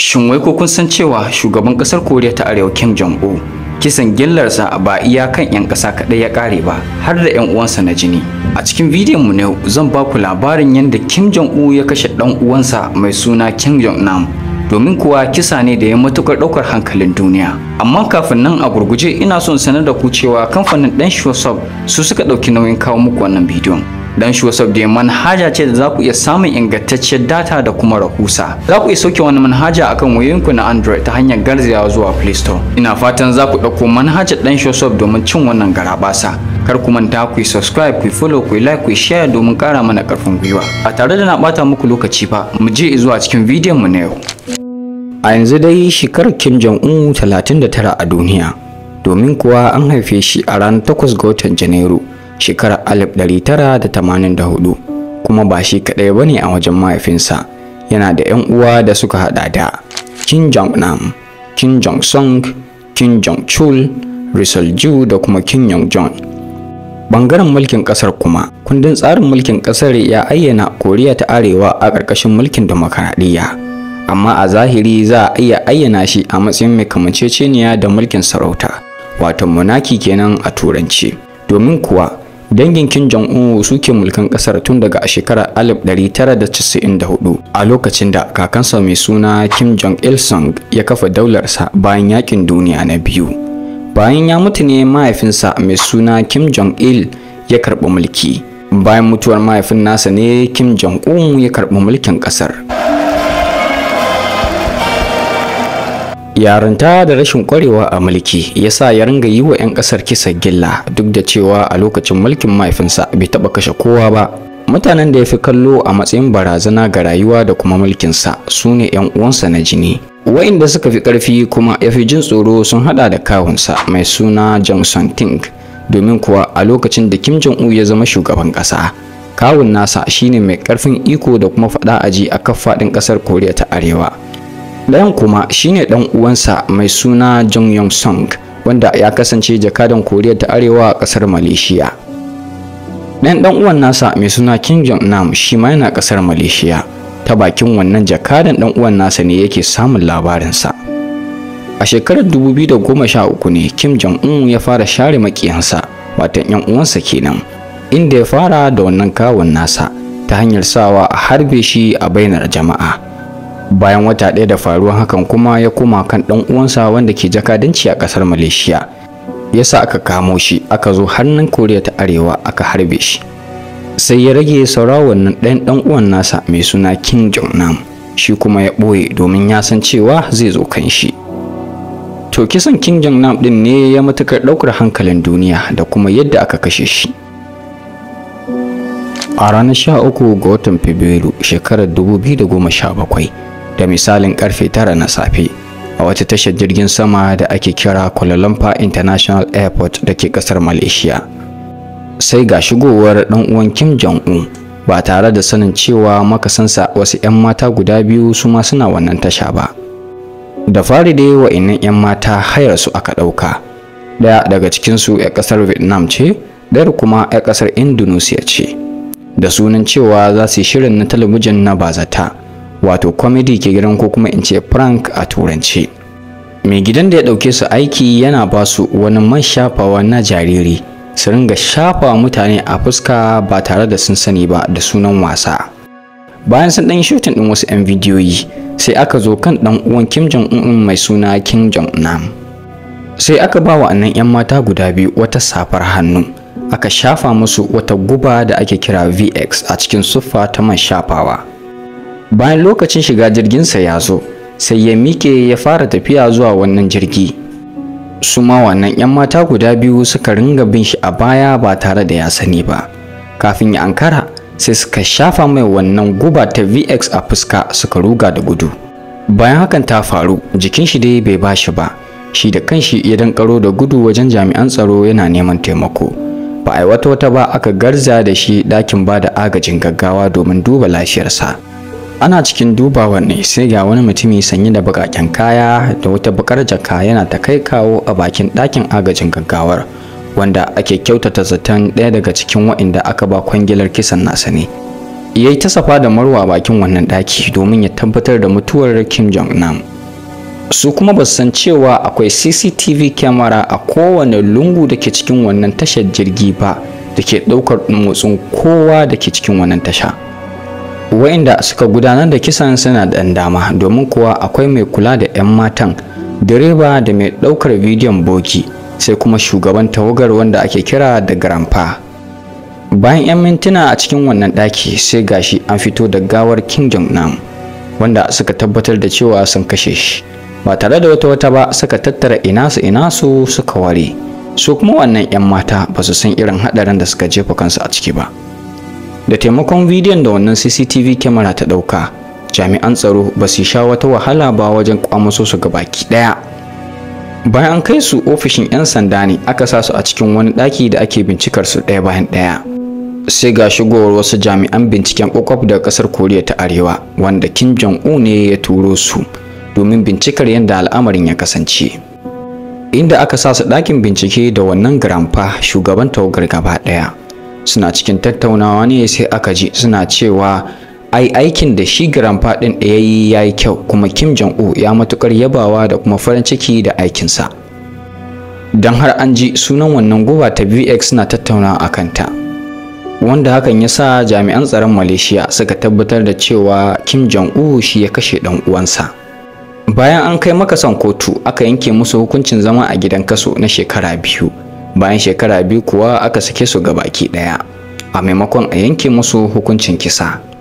Shin wai ko kun san cewa shugaban ƙasar Koriya ta Arewa Kim Jong-un kisan gillarsa ba iya kan 'yan ƙasa kaɗai ya ƙare ba har da 'yan uwansa na jini. A cikin bidiyon mu na yau zan ba ku labarin yadda Kim Jong-un ya kashe ɗan uwansa mai suna Kim Jong-nam domin kuwa kisa ne da ya matukar ɗaukar hankalin duniya. Amma kafin nan a gurguje ina son sanar da ku cewa kamfanin ɗan Shosop su suka ɗauki nauyin kawo muku wannan bidiyon. dan shi WhatsApp da manhaja ce da zaku iya samun ingantacciyar data da kuma rahusa zaku iya sauke wannan manhaja akan wayoyinku na Android ta hanyar garzayawa zuwa Play Store ina fatan zaku ku ɗauko manhajar dan shi domin cin wannan garabasa kar ku manta ku subscribe ku follow ku like ku share domin kara mana karfin gwiwa a tare da na bata muku lokaci fa mu je zuwa cikin bidiyon mu na yau a yanzu dai shekarar Kim Jong-un 39 a duniya domin kuwa an haife shi a ranar 8 ga watan Janairu shekarar 1984 kuma ba shi kaɗai bane a wajen mahaifinsa yana da 'yan uwa da suka hada da Kim Jong-nam, Kim Jong-sung, Kim Jong-chul, Ri ju da kuma Kim Jong-jong. Bangaren mulkin kasar kuma, kundin tsarin mulkin kasar ya ayyana Koriya ta Arewa a ƙarƙashin mulkin demokaradiyya. Amma a zahiri za a iya ayyana shi a matsayin mai kamanceceniya da mulkin sarauta, wato monarchy kenan a turanci. Domin kuwa, Dangin Kim Jong-un suke mulkan kasar tun daga shekarar 1994 a lokacin da kakansa mai suna Kim Jong-il Sung ya kafa daularsa bayan yakin duniya na biyu. Bayan ya mutu ne mahaifinsa mai suna Kim Jong-il ya karɓi mulki. Bayan mutuwar mahaifin nasa ne Kim Jong-un ya karɓi mulkin kasar. yarinta da rashin kwarewa a mulki ya sa ya ringa yi wa 'yan kasar kisa gilla duk da cewa a lokacin mulkin mahaifinsa bai taɓa kashe kowa ba mutanen da ya fi kallo a matsayin barazana ga rayuwa da kuma mulkinsa su ne 'yan uwansa na jini wa'inda suka fi ƙarfi kuma ya fi jin tsoro sun hada da kawunsa mai suna johnson ting domin kuwa a lokacin da kim jong-un ya zama shugaban ƙasa kawun nasa shine mai ƙarfin iko da kuma faɗa aji a kan faɗin ƙasar koriya ta arewa Ɗayan kuma shine ɗan uwansa mai suna Jung Yong Song wanda ya kasance jakadan Koriya ta Arewa a ƙasar Malaysia. Ɗan ɗan uwan nasa mai suna Kim Jong Nam shi ma yana ƙasar Malaysia. Ta bakin wannan jakadan ɗan uwan nasa ne yake samun labarinsa. A shekarar 2013 ne Kim Jong Un ya fara share makiyansa, watan ‘yan uwansa kenan, inda ya fara da wannan kawun nasa ta hanyar sawa a harbe shi a bainar jama'a. bayan wata ɗaya da faruwar hakan kuma ya koma kan ɗan uwansa wanda ke jakadanci a ƙasar malaysia yasa aka kamo shi aka zo hannun koriya ta arewa aka harbe shi sai ya rage saura wannan ɗan ɗan uwan nasa mai suna kim jong nam shi kuma ya ɓoye domin ya san cewa zai zo kan shi to kisan kim jong nam ɗin ne ya matukar ɗaukar hankalin duniya da kuma yadda aka kashe shi a ranar 13 ga watan fabrairu shekarar 2017 da misalin karfe tara na safe a wata tashar jirgin sama da ake kira Kuala Lumpur International Airport da ke kasar Malaysia. Sai ga shigowar ɗan uwan Kim Jong-un ba tare da sanin cewa makasansa wasu 'yan mata guda biyu su ma suna wannan tasha ba. Da fari dai wa'innan 'yan mata hayar su aka ɗauka. Ɗaya daga cikinsu 'yan ƙasar Vietnam ce, ɗayar kuma 'yan ƙasar Indonesia ce. Da sunan cewa za su yi shirin na talabijin na bazata. wato comedy ke gidan ko kuma in ce prank a turance mai gidan da ya ɗauke su aiki yana ba su wani man shafawa na jariri su ringa shafawa mutane a fuska ba tare da sun sani ba da sunan wasa bayan sun ɗan shooting ɗin wasu 'yan bidiyoyi sai aka zo kan ɗan uwan kim jong un mai suna kim jong nam sai aka ba wa 'yan mata guda biyu wata safar hannu aka shafa musu wata guba da ake kira vx a cikin siffa ta man shafawa bayan lokacin shiga jirginsa ya zo sai ya mike ya fara tafiya zuwa wannan jirgi su ma wannan 'yan mata guda biyu suka ringa bin shi a baya ba tare da ya sani ba kafin ya ankara sai suka shafa mai wannan guba ta vx a fuska suka ruga da gudu bayan hakan ta faru jikin shi dai bai ba shi ba shi da kanshi ya danƙaro da gudu wajen jami'an tsaro yana neman taimako ba a wata wata ba aka garza da shi dakin ba da agajin gaggawa domin duba lafiyarsa ana cikin dubawan ne sai ga wani mutumi sanye da bukaken kaya da wata bakar jaka yana ta kai kawo a bakin ɗakin agajin gaggawar wanda ake kyautata zaton ɗaya daga cikin wa'inda aka ba kwangilar kisan nasa ne yayi ta safa da marwa bakin wannan ɗaki domin ya tabbatar da mutuwar kim jong nam su kuma ba san cewa akwai cctv kyamara a kowane lungu da ke cikin wannan tashar jirgi ba da ke ɗaukar motsin kowa da ke cikin wannan tasha wa'inda suka gudanar da kisan suna ɗan dama domin kuwa akwai mai kula da 'yan matan direba da mai ɗaukar bidiyon boki sai kuma shugaban tawagar wanda ake kira da garamfa. bayan 'yan mintuna a cikin wannan ɗaki sai gashi an fito da gawar king jong nam wanda suka tabbatar da cewa sun kashe shi ba tare da wata wata ba suka tattara inasu inasu suka ware su kuma wannan 'yan mata ba su san irin haɗarin da suka jefa kansu a ciki ba da taimakon bidiyon da wannan cctv kyamara ta ɗauka jami'an tsaro ba su sha wata wahala ba wajen kwamaso su ga baki ɗaya bayan an kai su ofishin 'yan sanda ne aka sa su a cikin wani ɗaki da ake bincikar su ɗaya bayan ɗaya sai ga shigowar wasu jami'an binciken kwakwaf daga ƙasar koriya ta arewa wanda kim jong-un ne ya turo su domin bincikar yadda al'amarin ya kasance inda aka sa su ɗakin bincike da wannan garamfa shugaban tawagar gaba ɗaya suna cikin tattaunawa ne sai aka ji suna cewa ai aikin da shi garamfa ɗin da ya yi kyau kuma kim jong-un ya matukar yabawa da kuma farin ciki da aikinsa don har an ji sunan wannan guba ta VX na tattauna a kanta wanda hakan ya sa jami'an tsaron malaysia suka tabbatar da cewa kim jong-un shi ya kashe ɗan uwansa bayan an kai makasan kotu aka yanke musu hukuncin zama a gidan kaso na shekara biyu bayan shekara biyu kuwa aka sake su gabaki ɗaya a maimakon a yanke musu hukuncin kisa